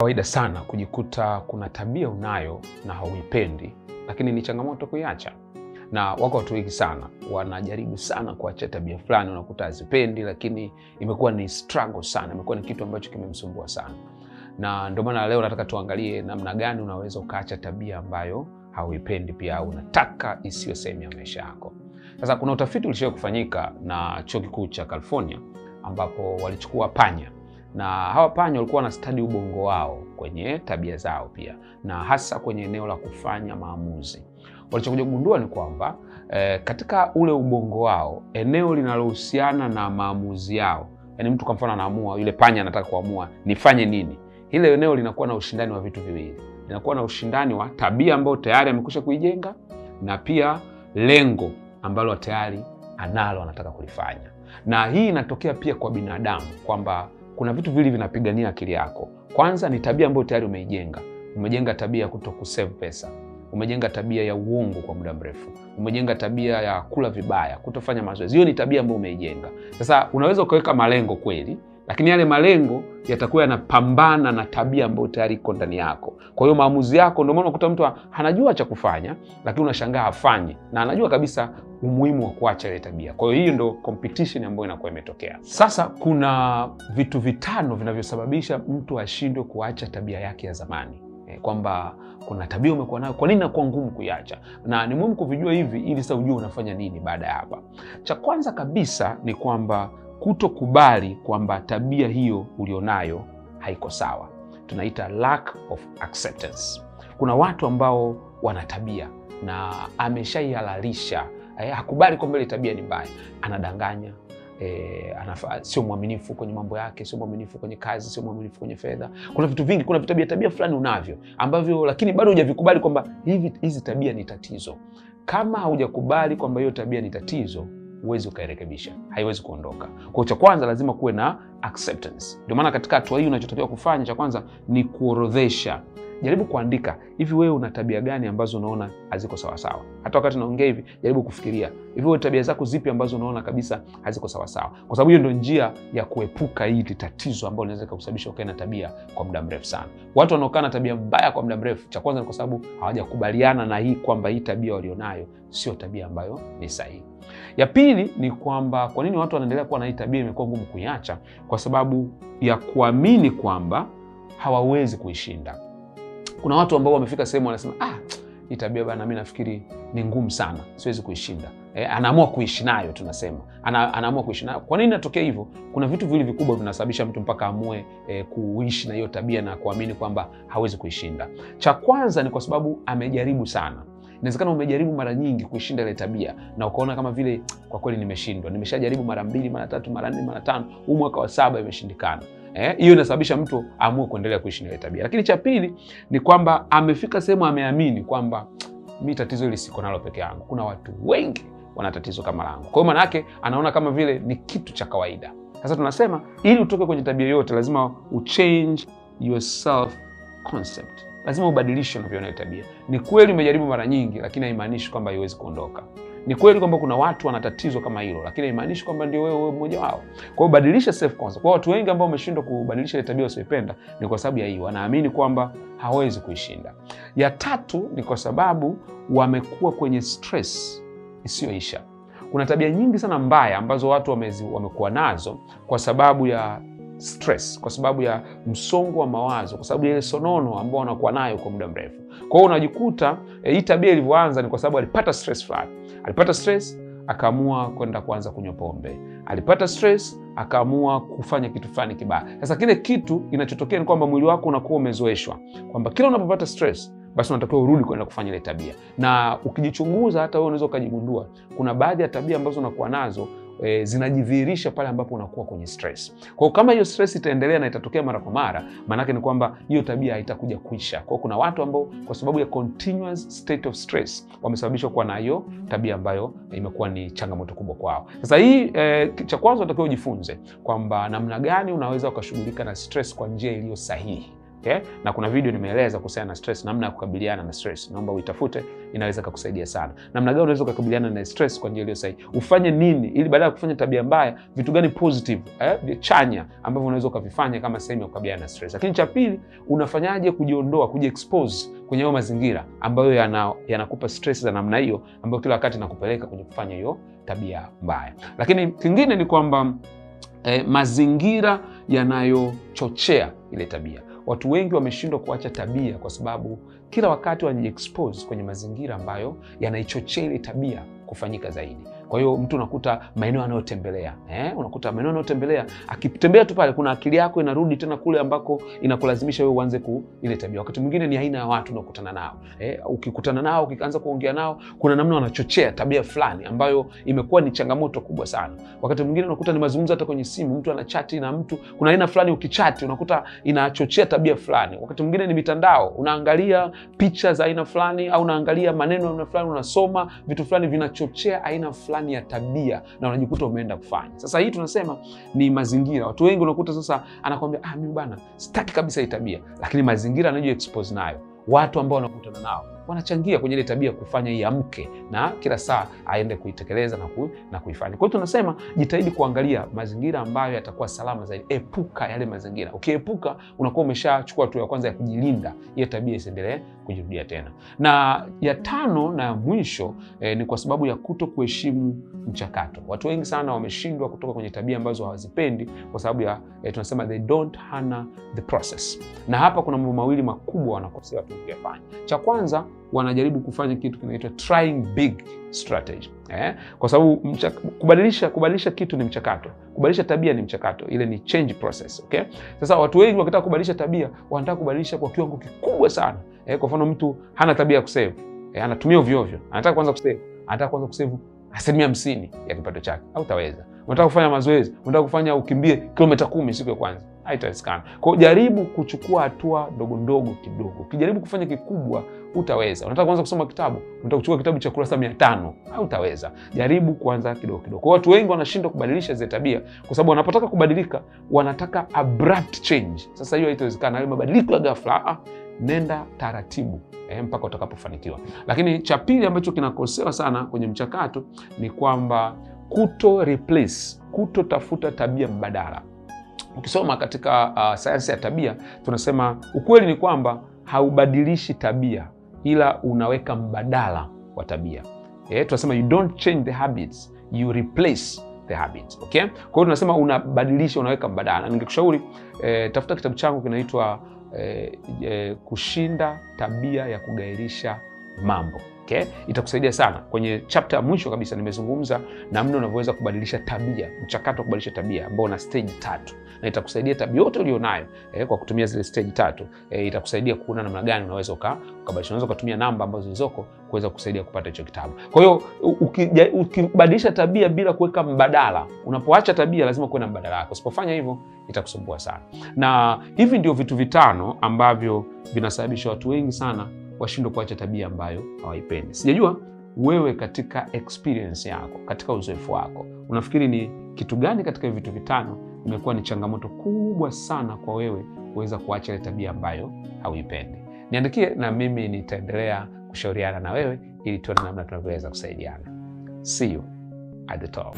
kawaida sana kujikuta kuna tabia unayo na hauipendi, lakini ni changamoto kuiacha. Na wako watu wengi sana wanajaribu sana kuacha tabia fulani, unakuta hazipendi, lakini imekuwa ni struggle sana, imekuwa ni kitu ambacho kimemsumbua sana, na ndio maana leo nataka tuangalie namna gani unaweza ukaacha tabia ambayo hauipendi pia au unataka isiyo sehemu ya maisha yako. Sasa kuna utafiti ulishia kufanyika na chuo kikuu cha California ambapo walichukua panya na hawa panya walikuwa wanastadi ubongo wao kwenye tabia zao pia, na hasa kwenye eneo la kufanya maamuzi. Walichokuja kugundua ni kwamba eh, katika ule ubongo wao eneo linalohusiana na maamuzi yao, yani mtu kwa mfano anaamua, yule panya anataka kuamua nifanye nini, ile eneo linakuwa na ushindani wa vitu viwili, linakuwa na ushindani wa tabia ambayo tayari amekwisha kuijenga na pia lengo ambalo tayari analo anataka kulifanya, na hii inatokea pia kwa binadamu kwamba kuna vitu viwili vinapigania akili yako. Kwanza ni tabia ambayo tayari umeijenga. Umejenga tabia ya kuto kusave pesa, umejenga tabia ya uongo kwa muda mrefu, umejenga tabia ya kula vibaya, kutofanya mazoezi. Hiyo ni tabia ambayo umeijenga. Sasa unaweza ukaweka malengo kweli lakini yale malengo yatakuwa yanapambana na tabia ambayo tayari iko ndani yako. Kwa hiyo maamuzi yako, ndio maana unakuta mtu anajua cha kufanya, lakini unashangaa afanye, na anajua kabisa umuhimu wa kuacha ile tabia. Kwa hiyo hii ndo competition ambayo inakuwa imetokea. Sasa kuna vitu vitano vinavyosababisha mtu ashindwe kuacha tabia yake ya zamani eh, kwamba kuna tabia umekuwa nayo, kwa nini inakuwa ngumu kuiacha? Na ni muhimu kuvijua hivi, ili sasa ujue unafanya nini baada ya hapa. Cha kwanza kabisa ni kwamba kutokubali kwamba tabia hiyo ulionayo haiko sawa, tunaita lack of acceptance. Kuna watu ambao wana tabia na ameshaihalalisha eh, hakubali kwamba ile tabia ni mbaya, anadanganya eh, anafa, sio mwaminifu kwenye mambo yake, sio mwaminifu kwenye kazi, sio mwaminifu kwenye fedha. Kuna vitu vingi, kuna tabia tabia fulani unavyo ambavyo, lakini bado hujavikubali kwamba hizi tabia ni tatizo. Kama haujakubali kwamba hiyo tabia ni tatizo huwezi ukairekebisha, haiwezi kuondoka. Kwa cha kwanza lazima kuwe na acceptance. Ndio maana katika hatua hii unachotakiwa kufanya cha kwanza ni kuorodhesha jaribu kuandika hivi, wewe una tabia gani ambazo unaona haziko sawasawa? Hata wakati unaongea hivi, jaribu kufikiria hivi, wewe tabia zako zipi ambazo unaona kabisa haziko sawasawa, kwa sababu hiyo ndio njia ya kuepuka hili tatizo ambalo linaweza kusababisha ukae na tabia kwa muda mrefu sana. Watu wanaokaa na tabia mbaya kwa muda mrefu, cha kwanza ni kwa sababu hawajakubaliana na hii kwamba hii tabia walionayo sio tabia ambayo ni sahihi. Ya pili ni kwamba kwa nini watu wanaendelea kuwa na hii tabia, imekuwa ngumu kuiacha, kwa sababu ya kuamini kwamba hawawezi kuishinda. Kuna watu ambao wamefika sehemu wanasema ah, hii tabia bana, mimi nafikiri ni ngumu sana, siwezi kuishinda. E, anaamua kuishi nayo, tunasema ana, anaamua kuishi nayo. Kwa nini natokea hivyo? Kuna vitu viwili vikubwa vinasababisha mtu mpaka amue e, kuishi na hiyo tabia na kuamini kwamba hawezi kuishinda. Cha kwanza ni kwa sababu amejaribu sana. Inawezekana umejaribu mara nyingi kuishinda ile tabia na ukaona kama vile kwa kweli nimeshindwa, nimeshajaribu mara mbili, mara tatu, mara nne, mara tano, huu mwaka wa saba imeshindikana. Eh, hiyo eh, inasababisha mtu amue kuendelea kuishi na ile tabia. Lakini cha pili ni kwamba amefika sehemu ameamini kwamba mi tatizo hili siko nalo peke yangu, kuna watu wengi wana tatizo kama langu. Kwa hiyo maana yake anaona kama vile ni kitu cha kawaida. Sasa tunasema ili utoke kwenye tabia yoyote, lazima uchange your self concept, lazima ubadilishe unavyoona tabia. Ni kweli umejaribu mara nyingi, lakini haimaanishi kwamba haiwezi kuondoka. Ni kweli kwamba kuna watu wana tatizo kama hilo, lakini haimaanishi kwamba ndio wewe wewe mmoja wao. Kwa hiyo badilisha self kwanza. Kwa watu wengi ambao wameshindwa kubadilisha ile tabia usioipenda ni kwa sababu ya hiyo, wanaamini kwamba hawezi kuishinda. Ya tatu ni kwa sababu wamekuwa kwenye stress isiyoisha. Kuna tabia nyingi sana mbaya ambazo watu wamezi, wamekuwa nazo kwa sababu ya stress, kwa sababu ya msongo wa mawazo, kwa sababu ya ile sonono ambao anakuwa nayo kwa muda mrefu. Kwa hiyo unajikuta e, hii tabia ilivyoanza ni kwa sababu alipata stress fulani, alipata stress akaamua kwenda kuanza kunywa pombe, alipata stress akaamua kufanya kitu fulani kibaya. Sasa kile kitu kinachotokea ni kwamba mwili wako unakuwa umezoeshwa kwamba kila unapopata stress basi unatakiwa urudi kwenda kufanya ile tabia, na ukijichunguza, hata wewe unaweza ukajigundua kuna baadhi ya tabia ambazo unakuwa nazo e, zinajidhihirisha pale ambapo unakuwa kwenye stress. Kwa hiyo kama hiyo stress itaendelea na itatokea mara kwa mara, maanake ni kwamba hiyo tabia haitakuja kuisha. Kwa hiyo kuna watu ambao kwa sababu ya continuous state of stress wamesababishwa kuwa na hiyo tabia ambayo imekuwa ni changamoto kubwa kwao. Sasa hii e, cha kwanza unatakiwa ujifunze kwamba namna gani unaweza ukashughulika na stress kwa njia iliyo sahihi okay? Na kuna video nimeeleza kuhusiana na stress, namna ya kukabiliana na stress. Naomba uitafute, inaweza kukusaidia sana. Namna gani unaweza kukabiliana na stress kwa njia iliyo sahihi? Ufanye nini ili baada ya kufanya tabia mbaya, vitu gani positive, eh, chanya ambavyo unaweza ukavifanya kama sehemu ya kukabiliana na stress. Lakini cha pili, unafanyaje kujiondoa, kujiexpose kwenye hayo mazingira ambayo yanakupa yana stress za namna hiyo ambayo kila wakati nakupeleka kwenye kufanya hiyo tabia mbaya. Lakini kingine ni kwamba eh, mazingira yanayochochea ile tabia. Watu wengi wameshindwa kuacha tabia kwa sababu kila wakati wanajiexpose kwenye mazingira ambayo yanaichochea ile tabia kufanyika zaidi. Kwa hiyo mtu unakuta maeneo anayotembelea eh, unakuta maeneo anayotembelea akitembea tu pale, kuna akili yako inarudi tena kule ambako inakulazimisha wewe uanze ku ile tabia. Wakati mwingine ni aina ya watu unakutana nao eh, ukikutana nao ukianza kuongea nao, kuna namna wanachochea tabia fulani ambayo imekuwa ni changamoto kubwa sana. Wakati mwingine unakuta ni mazungumzo hata kwenye simu, mtu anachati na mtu, kuna aina fulani ukichati unakuta inachochea tabia fulani. Wakati mwingine ni mitandao, unaangalia picha za aina fulani au unaangalia maneno ya aina fulani, unasoma vitu fulani vinachochea aina fulani fulani ya tabia na unajikuta umeenda kufanya. Sasa hii tunasema ni mazingira. Watu wengi unakuta sasa anakwambia ah, mimi bana sitaki kabisa hii tabia, lakini mazingira anajiexpose nayo, watu ambao unakutana nao wanachangia kwenye ile tabia kufanya iamke na kila saa aende kuitekeleza na, ku, na kuifanya. Kwa hiyo tunasema jitahidi kuangalia mazingira ambayo yatakuwa salama zaidi. Epuka yale mazingira. Ukiepuka unakuwa umeshachukua hatua ya kwanza ya kujilinda ile tabia isiendelee kujirudia tena. Na ya tano na ya mwisho eh, ni kwa sababu ya kuto kuheshimu mchakato. Watu wengi sana wameshindwa kutoka kwenye tabia ambazo hawazipendi kwa sababu ya eh, tunasema they don't honor the process. Na hapa kuna mambo mawili makubwa wanakosea tu kuyafanya. Cha kwanza wanajaribu kufanya kitu kinaitwa trying big strategy eh? Kwa sababu kubadilisha kubadilisha kitu ni mchakato, kubadilisha tabia ni mchakato, ile ni change process okay. Sasa watu wengi wakitaka kubadilisha tabia wanataka kubadilisha kwa kiwango kikubwa sana eh? Kwa mfano mtu hana tabia ya kusave eh, anatumia ovyo ovyo, anataka kwanza kusave, anataka kwanza kusave asilimia hamsini ya kipato chake, au unataka kufanya mazoezi, unataka kufanya ukimbie kilomita kumi siku ya kwanza, haitawezekana. Kwa jaribu kuchukua hatua ndogo ndogo kidogo. Ukijaribu kufanya kikubwa utaweza. Unataka kuanza kusoma kitabu, unataka kuchukua kitabu cha kurasa mia tano hautaweza. Jaribu kuanza kidogo kidogo. Kwa watu wengi wanashindwa kubadilisha zile tabia kwa sababu wanapotaka kubadilika wanataka abrupt change. Sasa hiyo haitawezekana, hayo mabadiliko ya ghafla. Ah, nenda taratibu eh, mpaka utakapofanikiwa. Lakini cha pili ambacho kinakosewa sana kwenye mchakato ni kwamba kuto replace, kutotafuta tabia mbadala. Ukisoma katika uh, sayansi ya tabia tunasema ukweli ni kwamba haubadilishi tabia, ila unaweka mbadala wa tabia. Eh, tunasema you don't change the habits, you replace the habits. Okay? Kwa hiyo tunasema unabadilisha, unaweka mbadala. Ningekushauri eh, tafuta kitabu changu kinaitwa eh, eh, Kushinda Tabia ya Kugairisha Mambo okay? itakusaidia sana. Kwenye chapta ya mwisho kabisa nimezungumza namna unavyoweza kubadilisha tabia, mchakato wa kubadilisha tabia ambao una stage tatu, na itakusaidia tabia yote ulionayo eh, kwa kutumia zile stage tatu eh, itakusaidia kuona namna gani unaweza ukabadilisha. Unaweza ukatumia namba ambazo zilizoko kuweza kusaidia kupata hicho kitabu. Kwa hiyo ukibadilisha tabia bila kuweka mbadala, unapoacha tabia lazima kuwe na mbadala wako. Usipofanya hivyo itakusumbua sana, na hivi ndio vitu vitano ambavyo vinasababisha watu wengi sana washindwe kuacha tabia ambayo hawaipendi. Sijajua wewe katika experience yako, katika uzoefu wako, unafikiri ni kitu gani katika hivi vitu vitano imekuwa ni changamoto kubwa sana kwa wewe kuweza kuacha ile tabia ambayo hauipendi? Niandikie na mimi nitaendelea kushauriana na wewe ili tuone namna tunavyoweza kusaidiana. See you at the top.